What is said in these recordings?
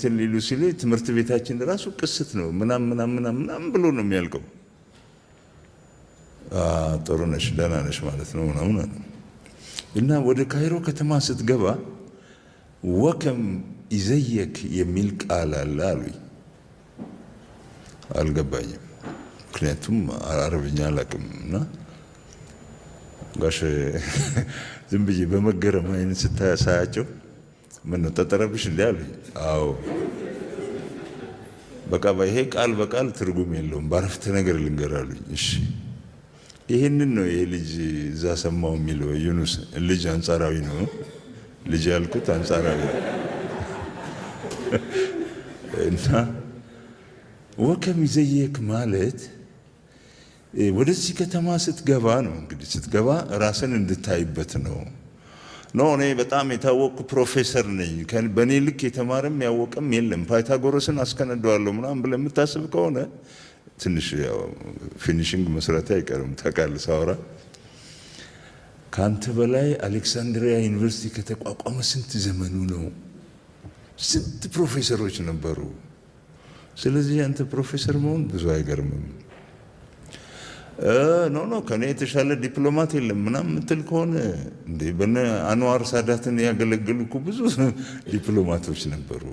እንትን ሊሉ ሲሉ ትምህርት ቤታችን ራሱ ቅስት ነው ምናም ምናም ምናም ምናም ብሎ ነው የሚያልቀው። ጥሩ ነሽ ደህና ነሽ ማለት ነው ምናምን እና ወደ ካይሮ ከተማ ስትገባ ወከም ይዘየክ የሚል ቃል አለ አሉኝ። አልገባኝም፣ ምክንያቱም አረብኛ አላቅም እና ጋሽ ዝም ብዬ በመገረም አይነት ስታሳያቸው ምን ነው ጠጠረብሽ እንዲ አሉኝ። አዎ በቃ ይሄ ቃል በቃል ትርጉም የለውም ባረፍተ ነገር ልንገር አሉኝ። እሺ ይህንን ነው ይሄ ልጅ እዛ ሰማው የሚለው ዩኑስ ልጅ አንጻራዊ ነው። ልጅ ያልኩት አንጻራዊ እና ወከም ይዘየክ ማለት ወደዚህ ከተማ ስትገባ ነው እንግዲህ ስትገባ ራስን እንድታይበት ነው። ኖ እኔ በጣም የታወቅኩ ፕሮፌሰር ነኝ፣ በእኔ ልክ የተማረም ያወቀም የለም፣ ፓይታጎረስን አስከነደዋለሁ ምናምን ብለህ የምታስብ ከሆነ ትንሽ ፊኒሽንግ መስረት አይቀርም። ታውቃለህ ሳውራ ከአንተ በላይ አሌክሳንድሪያ ዩኒቨርሲቲ ከተቋቋመ ስንት ዘመኑ ነው? ስንት ፕሮፌሰሮች ነበሩ። ስለዚህ አንተ ፕሮፌሰር መሆን ብዙ አይገርምም። ኖ ኖ ከኔ የተሻለ ዲፕሎማት የለም ምናምን የምትል ከሆነ እንደ በነ አንዋር ሳዳትን ያገለገሉ እኮ ብዙ ዲፕሎማቶች ነበሩ።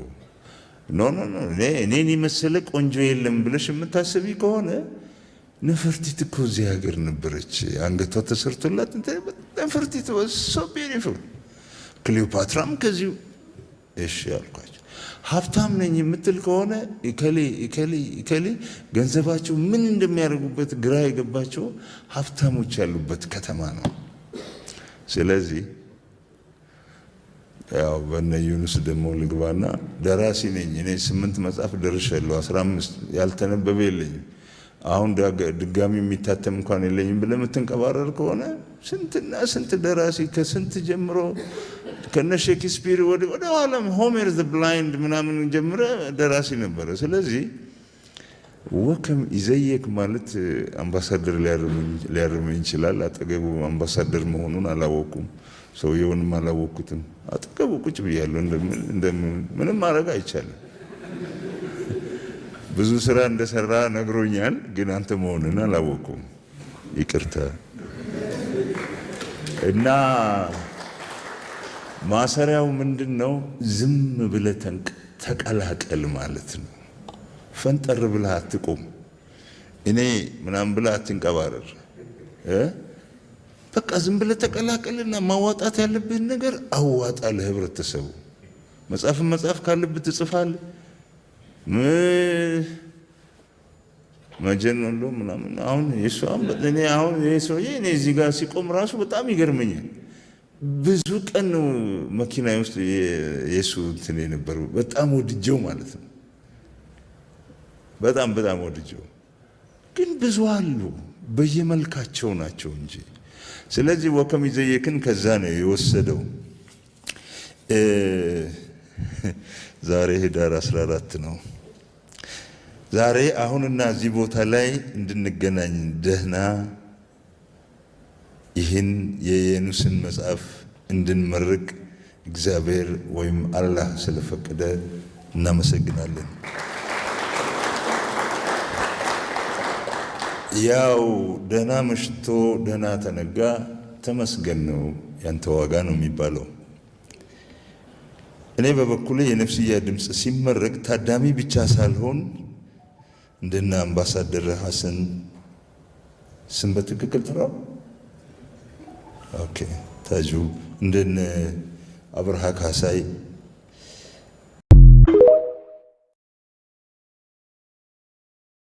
ኖ ኖ ኖ እኔን የመሰለ ቆንጆ የለም ብለሽ የምታስቢ ከሆነ ነፈርቲት እኮ እዚህ ሀገር ነበረች፣ አንገቷ ተሰርቶላት ነፈርቲት ሶ ቢዩቲፉል። ክሊዮፓትራም ከዚሁ እሺ አልኳቸው። ሀብታም ነኝ የምትል ከሆነ እከሌ እከሌ እከሌ ገንዘባቸው ምን እንደሚያደርጉበት ግራ የገባቸው ሀብታሞች ያሉበት ከተማ ነው። ስለዚህ ያው በነ ዩኑስ ደግሞ ልግባና ደራሲ ነኝ እኔ ስምንት መጽሐፍ ደርሻለሁ። አስራ አምስት ያልተነበበ የለኝም። አሁን ድጋሚ የሚታተም እንኳን የለኝም ብለህ የምትንቀባረር ከሆነ ስንትና ስንት ደራሲ ከስንት ጀምሮ ከነ ሼክስፒር ወደ ኋላም ሆሜር ዘ ብላይንድ ምናምን ጀምረ ደራሲ ነበረ። ስለዚህ ወከም ይዘየክ ማለት አምባሳደር ሊያርም ይችላል። አጠገቡ አምባሳደር መሆኑን አላወቁም፣ ሰውየውንም አላወኩትም። አጠገቡ ቁጭ ብያለሁ። ምንም ማድረግ አይቻልም። ብዙ ስራ እንደሰራ ነግሮኛል፣ ግን አንተ መሆንን አላወቁም። ይቅርታ እና ማሰሪያው ምንድን ነው? ዝም ብለ ተቀላቀል ማለት ነው። ፈንጠር ብለህ አትቁም። እኔ ምናምን ብለህ አትንቀባረር። በቃ ዝም ብለህ ተቀላቀልና ማዋጣት ያለብህን ነገር አዋጣ ለህብረተሰቡ። መጽሐፍን መጽሐፍ ካለብህ ትጽፋለህ ማጀነሎ ምናምን አሁን የሷም እኔ አሁን ሰውዬ እኔ እዚህ ጋር ሲቆም ራሱ በጣም ይገርመኛል። ብዙ ቀን ነው መኪና ውስጥ የእሱ እንትን የነበረው በጣም ወድጀው ማለት ነው። በጣም በጣም ወድጀው ግን ብዙ አሉ በየመልካቸው ናቸው እንጂ። ስለዚህ ወከም ይዘየክን ከዛ ነው የወሰደው። ዛሬ ህዳር 14 ነው። ዛሬ አሁንና እዚህ ቦታ ላይ እንድንገናኝ ደህና ይህን የየኑስን መጽሐፍ እንድንመርቅ እግዚአብሔር ወይም አላህ ስለፈቀደ እናመሰግናለን። ያው ደህና መሽቶ ደህና ተነጋ ተመስገን ነው፣ ያንተ ዋጋ ነው የሚባለው። እኔ በበኩሌ የነፍስያ ድምፅ ሲመረቅ ታዳሚ ብቻ ሳልሆን እንደነ አምባሳደር ሀሰን ስም በትክክል ጥራው። ኦኬ ታጁ እንደነ አብርሃ ካሳይ